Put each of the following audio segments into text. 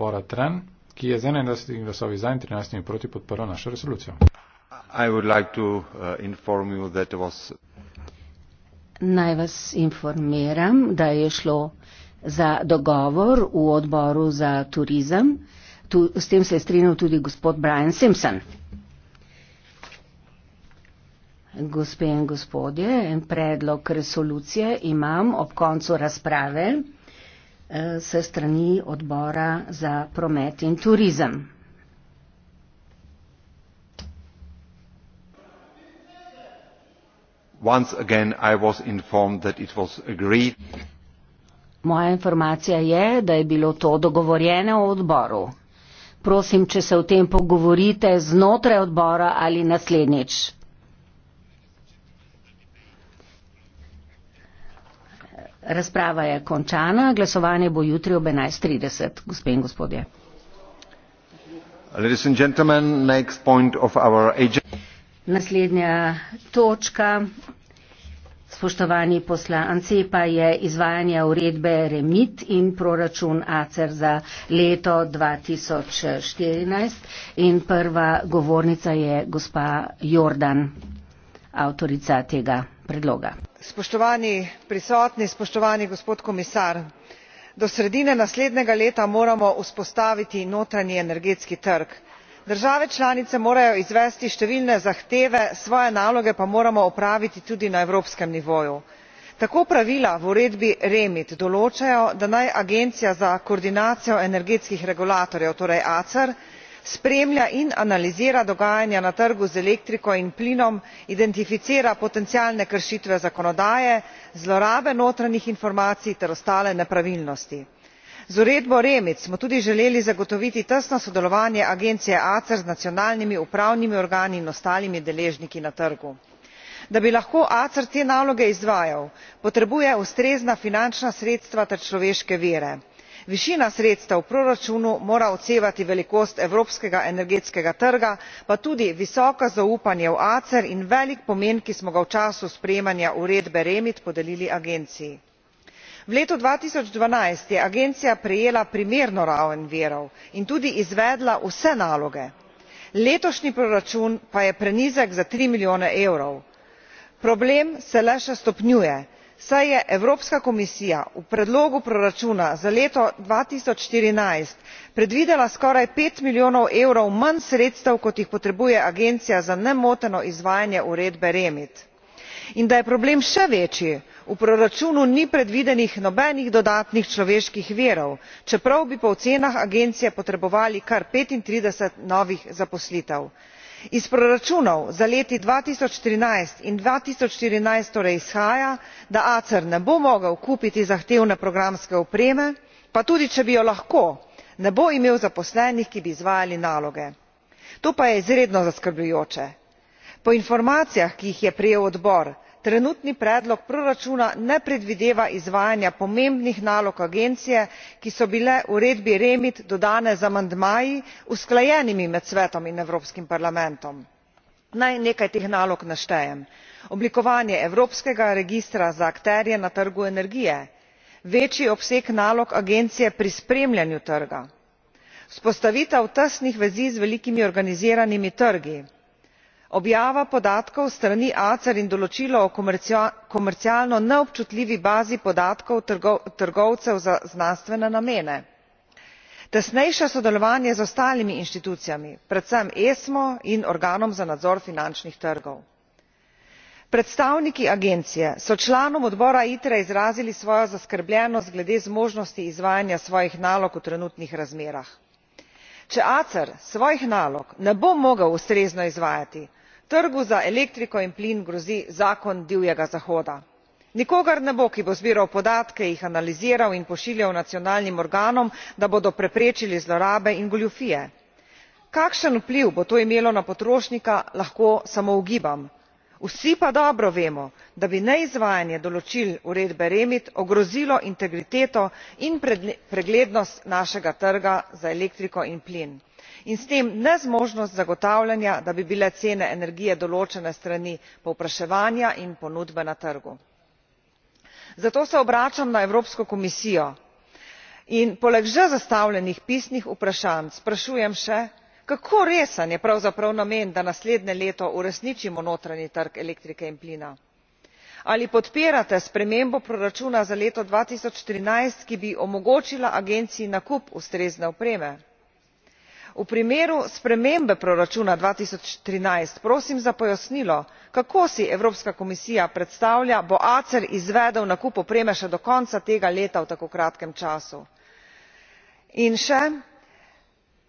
odbora Tren, ki je z 21 glasovi za in 13 proti podprl našo resolucijo. Uh, Naj vas informiram, da je šlo za dogovor v odboru za turizem. Tu, s tem se je strinil tudi gospod Brian Simpson. Gospe in gospodje, predlog resolucije imam ob koncu razprave. Eh, se strani odbora za promet in turizem. Moja informacija je, da je bilo to dogovorjeno v odboru. Prosim, če se o tem pogovorite znotraj odbora ali naslednjič. Razprava je končana, glasovanje bo jutri ob 11.30. Gospe in gospodje. Naslednja točka, spoštovani poslanci, pa je izvajanje uredbe Remit in proračun ACER za leto 2014. In prva govornica je gospa Jordan, avtorica tega predloga spoštovani prisotni spoštovani gospod komisar do sredine naslednjega leta moramo vzpostaviti notranji energetski trg države članice morajo izvesti številne zahteve svoje naloge pa moramo opraviti tudi na evropskem nivoju tako pravila v uredbi remit določajo da naj agencija za koordinacijo energetskih regulatorjev torej acer spremlja in analizira dogajanja na trgu z elektriko in plinom identificira potencialne kršitve zakonodaje zlorabe notranjih informacij ter ostale nepravilnosti. z uredbo remit smo tudi želeli zagotoviti tesno sodelovanje agencije acer z nacionalnimi upravnimi organi in ostalimi deležniki na trgu. da bi lahko acer te naloge izvajal potrebuje ustrezna finančna sredstva ter človeške vire višina sredstev v proračunu mora odsevati velikost evropskega energetskega trga pa tudi visoko zaupanje v acer in velik pomen ki smo ga v času sprejemanja uredbe remit podelili agenciji. v letu dva tisoč dvanajst je agencija prejela primerno raven virov in tudi izvedla vse naloge letošnji proračun pa je prenizek za tri milijone evrov problem se le še stopnjuje saj je evropska komisija v predlogu proračuna za leto dva tisoč štirinajst predvidela skoraj pet milijonov evrov manj sredstev kot jih potrebuje agencija za nemoteno izvajanje uredbe remit in da je problem še večji v proračunu ni predvidenih nobenih dodatnih človeških virov čeprav bi po ocenah agencije potrebovali kar petintrideset novih zaposlitev iz proračunov za leti dva tisoč trinajst in dva tisoč štirinajst torej izhaja da acer ne bo mogel kupiti zahtevne programske opreme pa tudi če bi jo lahko ne bo imel zaposlenih ki bi izvajali naloge to pa je izredno zaskrbljujoče. po informacijah ki jih je prejel odbor trenutni predlog proračuna ne predvideva izvajanja pomembnih nalog agencije ki so bile v uredbi remit dodane z amandmaji usklajenimi med svetom in evropskim parlamentom. naj nekaj teh nalog naštejem oblikovanje evropskega registra za akterje na trgu energije večji obseg nalog agencije pri spremljanju trga vzpostavitev tesnih vezi z velikimi organiziranimi trgi objava podatkov s strani acer in določilo o komercialno neobčutljivi bazi podatkov trgovcev za znanstvene namene tesnejše sodelovanje z ostalimi inštitucijami predvsem esmo in organom za nadzor finančnih trgov. predstavniki agencije so članom odbora itre izrazili svojo zaskrbljenost glede zmožnosti izvajanja svojih nalog v trenutnih razmerah če acer svojih nalog ne bo mogel ustrezno izvajati trgu za elektriko in plin grozi zakon divjega zahoda nikogar ne bo ki bo zbiral podatke jih analiziral in pošiljal nacionalnim organom da bodo preprečili zlorabe in goljufije kakšen vpliv bo to imelo na potrošnika lahko samo ugibam vsi pa dobro vemo da bi neizvajanje določil uredbe remit ogrozilo integriteto in preglednost našega trga za elektriko in plin in s tem nezmožnost zagotavljanja da bi bile cene energije določene s strani povpraševanja in ponudbe na trgu. zato se obračam na evropsko komisijo in poleg že zastavljenih pisnih vprašanj sprašujem še kako resen je pravzaprav namen da naslednje leto uresničimo notranji trg elektrike in plina? ali podpirate spremembo proračuna za leto dva tisoč trinajst ki bi omogočila agenciji nakup ustrezne opreme? v primeru spremembe proračuna dva tisoč trinajst prosim za pojasnilo kako si evropska komisija predstavlja bo acer izvedel nakup opreme še do konca tega leta v tako kratkem času? in še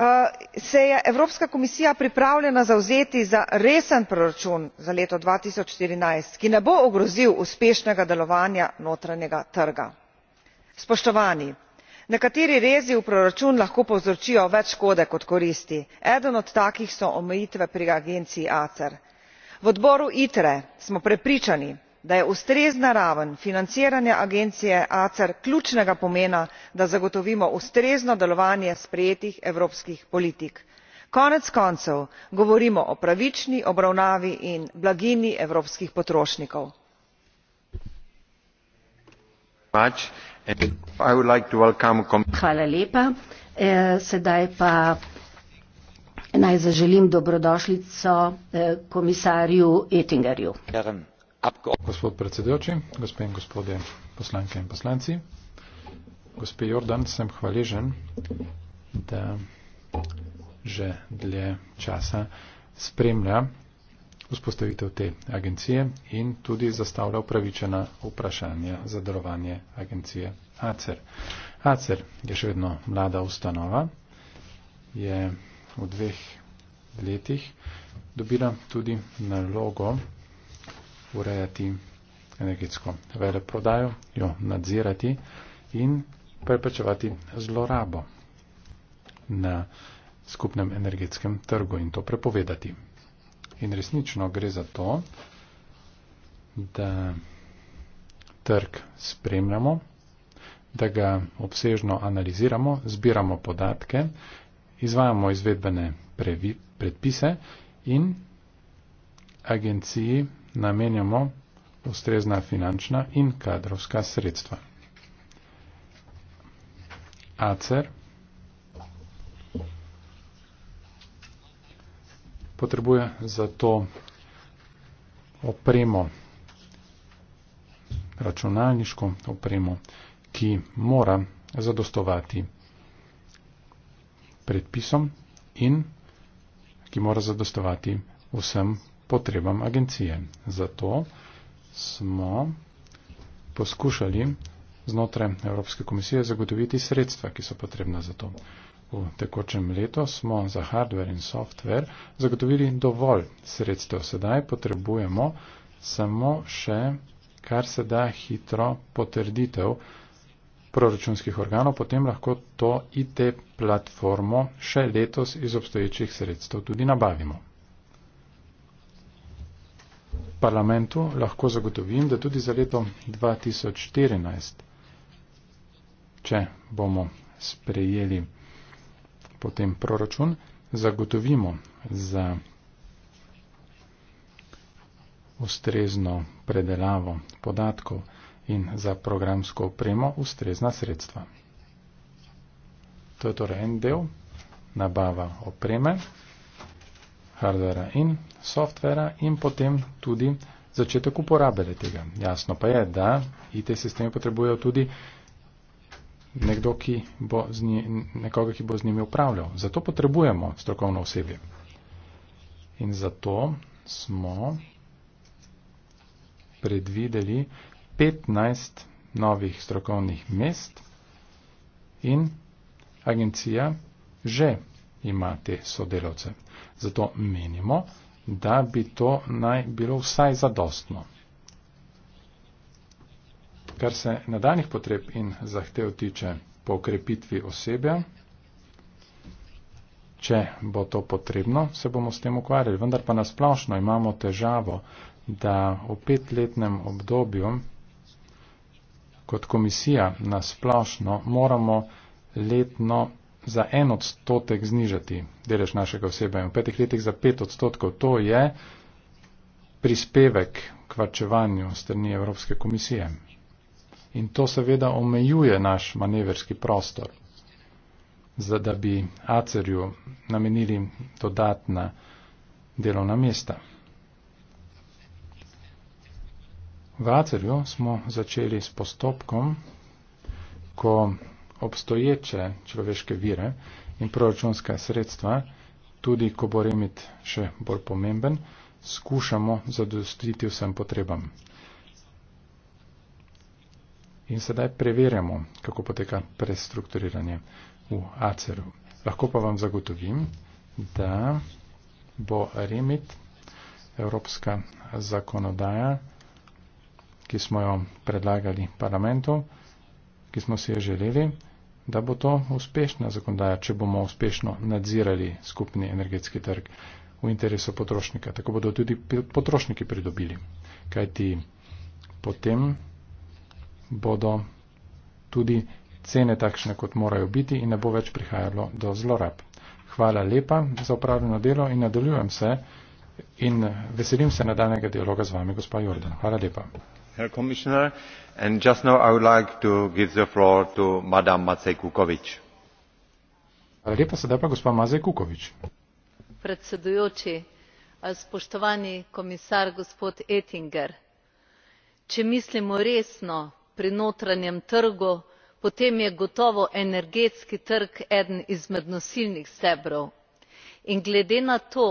Eh, se je evropska komisija pripravljena zavzeti za resen proračun za leto dva tisoč štirinajst ki ne bo ogrozil uspešnega delovanja notranjega trga. spoštovani nekateri rezi v proračun lahko povzročijo več škode kot koristi eden od takih so omejitve pri agenciji acer. v odboru itre smo prepričani da je ustrezna raven financiranja agencije acer ključnega pomena da zagotovimo ustrezno delovanje sprejetih evropskih politik. konec koncev govorimo o pravični obravnavi in blaginji evropskih potrošnikov. E, sedaj pa naj zaželim dobrodošlico e, komisarju oettingerju. Gospod predsedujoči, gospe in gospode poslanke in poslanci, gospe Jordan, sem hvaležen, da že dlje časa spremlja vzpostavitev te agencije in tudi zastavlja upravičena vprašanja za delovanje agencije ACER. ACER je še vedno mlada ustanova, je v dveh letih dobila tudi nalogo, urejati energetsko veleprodajo, jo nadzirati in preprečevati zlorabo na skupnem energetskem trgu in to prepovedati. In resnično gre za to, da trg spremljamo, da ga obsežno analiziramo, zbiramo podatke, izvajamo izvedbene predpise in agenciji namenjamo ustrezna finančna in kadrovska sredstva. ACER potrebuje za to opremo, računalniško opremo, ki mora zadostovati predpisom in ki mora zadostovati vsem potrebam agencije. Zato smo poskušali znotraj Evropske komisije zagotoviti sredstva, ki so potrebna za to. V tekočem letu smo za hardware in software zagotovili dovolj sredstev. Sedaj potrebujemo samo še kar se da hitro potrditev proračunskih organov, potem lahko to IT platformo še letos iz obstoječih sredstev tudi nabavimo parlamentu lahko zagotovim, da tudi za leto 2014, če bomo sprejeli potem proračun, zagotovimo za ustrezno predelavo podatkov in za programsko opremo ustrezna sredstva. To je torej en del, nabava opreme hardvera in softvera in potem tudi začetek uporabe tega. Jasno pa je, da IT sistemi potrebujejo tudi nekdo, ki bo z njim, nekoga, ki bo z njimi upravljal. Zato potrebujemo strokovno osebje. In zato smo predvideli 15 novih strokovnih mest in agencija že ima te sodelovce. Zato menimo, da bi to naj bilo vsaj zadostno. Kar se nadaljnih potreb in zahtev tiče po okrepitvi osebja, če bo to potrebno, se bomo s tem ukvarjali. Vendar pa nasplošno imamo težavo, da v petletnem obdobju kot komisija nasplošno moramo letno za en odstotek znižati delež našega osebe in v petih letih za pet odstotkov. To je prispevek k varčevanju strani Evropske komisije. In to seveda omejuje naš manevrski prostor, za da bi ACER-ju namenili dodatna delovna mesta. V ACER-ju smo začeli s postopkom, ko obstoječe človeške vire in proračunska sredstva, tudi ko bo remit še bolj pomemben, skušamo zadostiti vsem potrebam. In sedaj preverjamo, kako poteka prestrukturiranje v ACR-u. Lahko pa vam zagotovim, da bo remit evropska zakonodaja, ki smo jo predlagali parlamentu, ki smo si jo želeli, da bo to uspešna zakonodaja, če bomo uspešno nadzirali skupni energetski trg v interesu potrošnika. Tako bodo tudi potrošniki pridobili. Kajti potem bodo tudi cene takšne, kot morajo biti in ne bo več prihajalo do zlorab. Hvala lepa za upravljeno delo in nadaljujem se in veselim se nadaljnega dialoga z vami, gospod Jordan. Hvala lepa herr kommissar! just now i would like to give the floor to madam matsenko. predsedujoči spoštovani komisar gospod oettinger če mislimo resno pri notranjem trgu potem je gotovo energetski trg eden izmed nosilnih stebrov in glede na to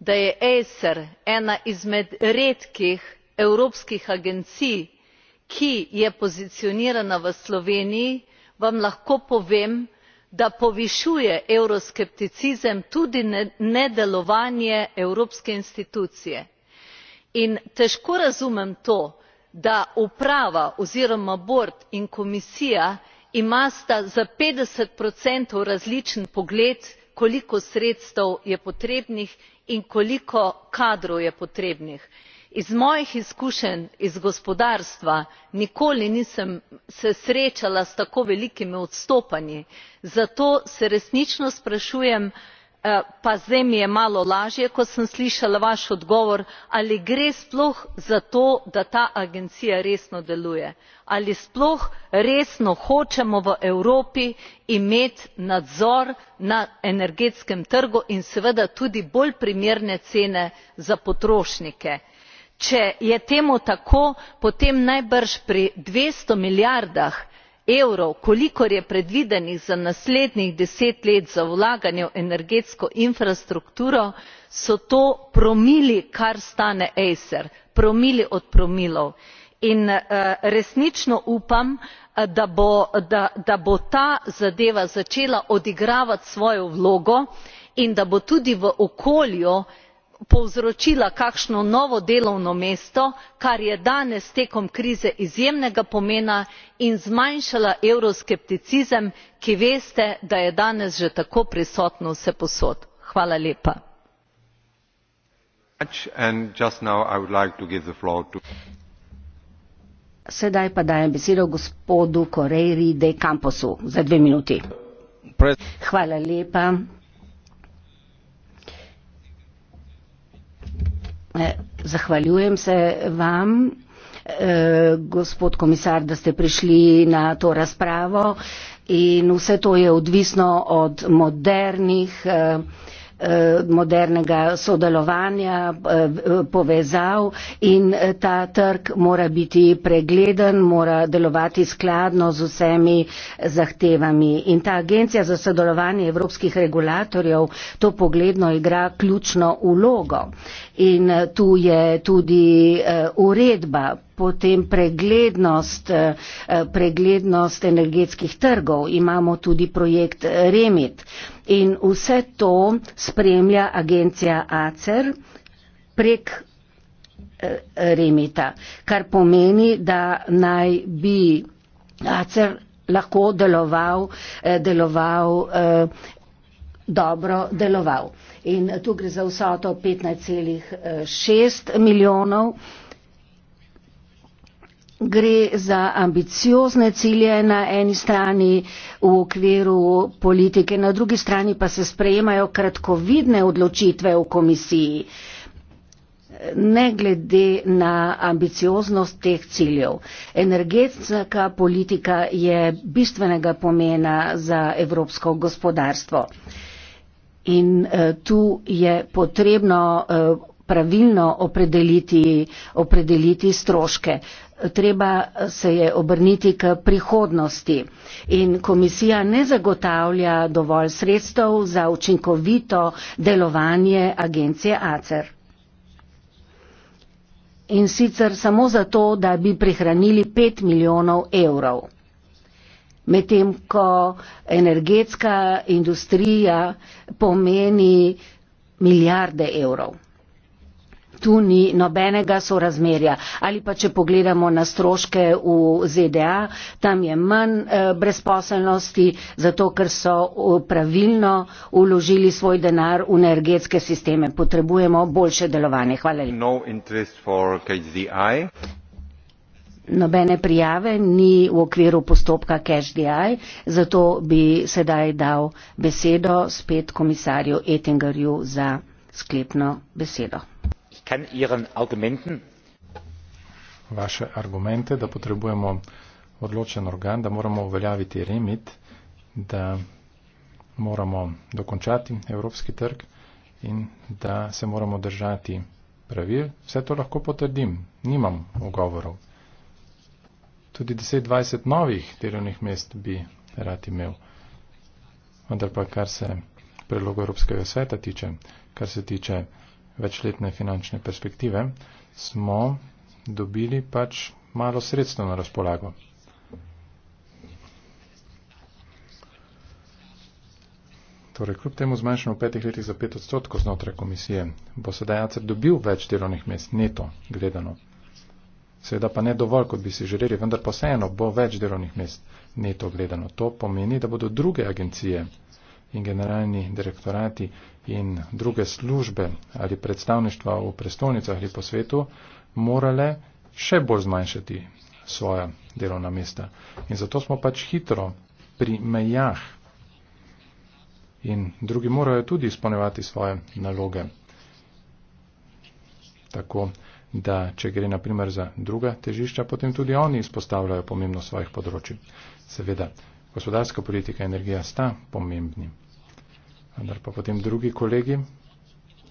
da je acer ena izmed redkih evropskih agencij ki je pozicionirana v sloveniji vam lahko povem da povišuje evroskepticizem tudi nedelovanje evropske institucije in težko razumem to da uprava oziroma bord in komisija imata za petdeset različen pogled koliko sredstev je potrebnih in koliko kadrov je potrebnih iz mojih izkušenj iz gospodarstva nikoli nisem se srečala s tako velikimi odstopanji zato se resnično sprašujem eh, pa zdaj mi je malo lažje ko sem slišala vaš odgovor ali gre sploh za to da ta agencija resno deluje ali sploh resno hočemo v evropi imeti nadzor na energetskem trgu in seveda tudi bolj primerne cene za potrošnike če je temu tako potem najbrž pri dvesto milijardah evrov kolikor je predvidenih za naslednjih deset let za vlaganje v energetsko infrastrukturo so to promili kar stane acer promili od promilov in eh, resnično upam eh, da bo da bo ta zadeva začela odigravati svojo vlogo in da bo tudi v okolju povzročila kakšno novo delovno mesto kar je danes tekom krize izjemnega pomena in zmanjšala evroskepticizem ki veste da je danes že tako prisotno vsepovsod. sedaj pa dajem besedo gospodu correiri de camposu za dve minuti. hvala lepa. E, zahvaljujem se vam, e, gospod komisar, da ste prišli na to razpravo in vse to je odvisno od modernih eh, Eh, modernega sodelovanja, eh, povezav in eh, ta trg mora biti pregleden, mora delovati skladno z vsemi zahtevami. In ta agencija za sodelovanje evropskih regulatorjev to pogledno igra ključno ulogo. In tu je tudi uredba potem preglednost, eh, eh, preglednost energetskih trgov, imamo tudi projekt Remit in vse to spremlja agencija ACER prek eh, Remita, kar pomeni, da naj bi ACER lahko deloval, deloval dobro deloval. In tu gre za vsoto 15,6 milijonov gre za ambiciozne cilje na eni strani v okviru politike, na drugi strani pa se sprejemajo kratkovidne odločitve v komisiji, ne glede na ambicioznost teh ciljev. Energetska politika je bistvenega pomena za evropsko gospodarstvo. In eh, tu je potrebno eh, pravilno opredeliti, opredeliti stroške. Treba se je obrniti k prihodnosti in komisija ne zagotavlja dovolj sredstev za učinkovito delovanje agencije ACER. In sicer samo zato, da bi prihranili 5 milijonov evrov. Medtem ko energetska industrija pomeni milijarde evrov tu ni nobenega sorazmerja. Ali pa če pogledamo na stroške v ZDA, tam je manj eh, brezposelnosti, zato ker so eh, pravilno uložili svoj denar v energetske sisteme. Potrebujemo boljše delovanje. Hvala lepa. No Nobene prijave ni v okviru postopka CashDI, zato bi sedaj dal besedo spet komisarju Ettingerju za sklepno besedo kann ihren argumenten vaše argumente da potrebujemo odločen organ da moramo uveljaviti remit da moramo dokončati evropski trg in da se moramo držati pravil vse to lahko potrdim nimam ugovorov tudi 10 20 novih delovnih mest bi rad imel vendar pa kar se predlogov Evropskega sveta tiče, kar se tiče večletne finančne perspektive, smo dobili pač malo sredstva na razpolago. Torej, kljub temu zmanjšamo v petih letih za pet odstotkov znotraj komisije, bo sedaj ACR dobil več delovnih mest, neto gledano. Seveda pa ne dovolj, kot bi si želeli, vendar pa vseeno bo več delovnih mest neto gledano. To pomeni, da bodo druge agencije in generalni direktorati in druge službe ali predstavništva v prestolnicah ali po svetu morale še bolj zmanjšati svoja delovna mesta. In zato smo pač hitro pri mejah in drugi morajo tudi izpolnevati svoje naloge. Tako da, če gre naprimer za druga težišča, potem tudi oni izpostavljajo pomembnost svojih področji. Seveda, gospodarska politika in energija sta pomembni. Vendar pa potem drugi kolegi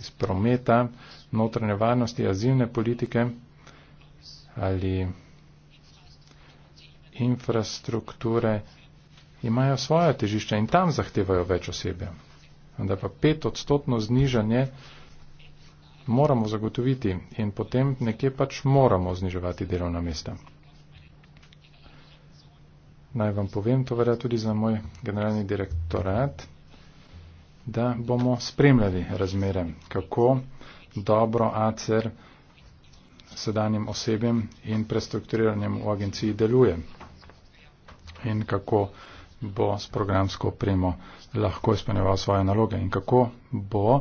iz prometa, notranje varnosti, azilne politike ali infrastrukture imajo svoje težišče in tam zahtevajo več osebe. Vendar pa pet odstotno znižanje moramo zagotoviti in potem nekje pač moramo zniževati delovna mesta naj vam povem, to verja tudi za moj generalni direktorat, da bomo spremljali razmere, kako dobro ACER sedanjem osebjem in prestrukturiranjem v agenciji deluje in kako bo s programsko opremo lahko izpolnjeval svoje naloge in kako bo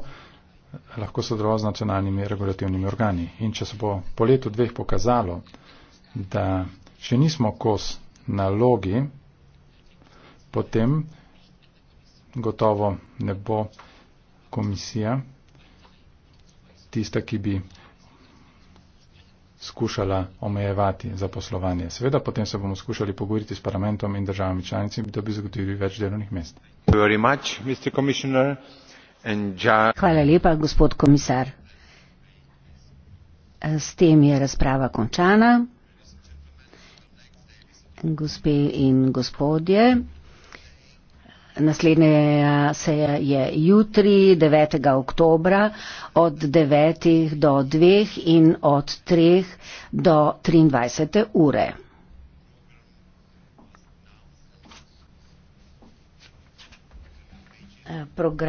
lahko sodeloval z nacionalnimi regulativnimi organi. In če se bo po letu dveh pokazalo, da še nismo kos nalogi, potem gotovo ne bo komisija tista, ki bi skušala omejevati zaposlovanje. Seveda potem se bomo skušali pogovoriti s parlamentom in državami članicami, da bi zagotovili več delovnih mest. Much, ja... Hvala lepa, gospod komisar. S tem je razprava končana. Gospe in gospodje, naslednja seja je jutri 9. oktobra od 9. do 2. in od 3. do 23. ure. Program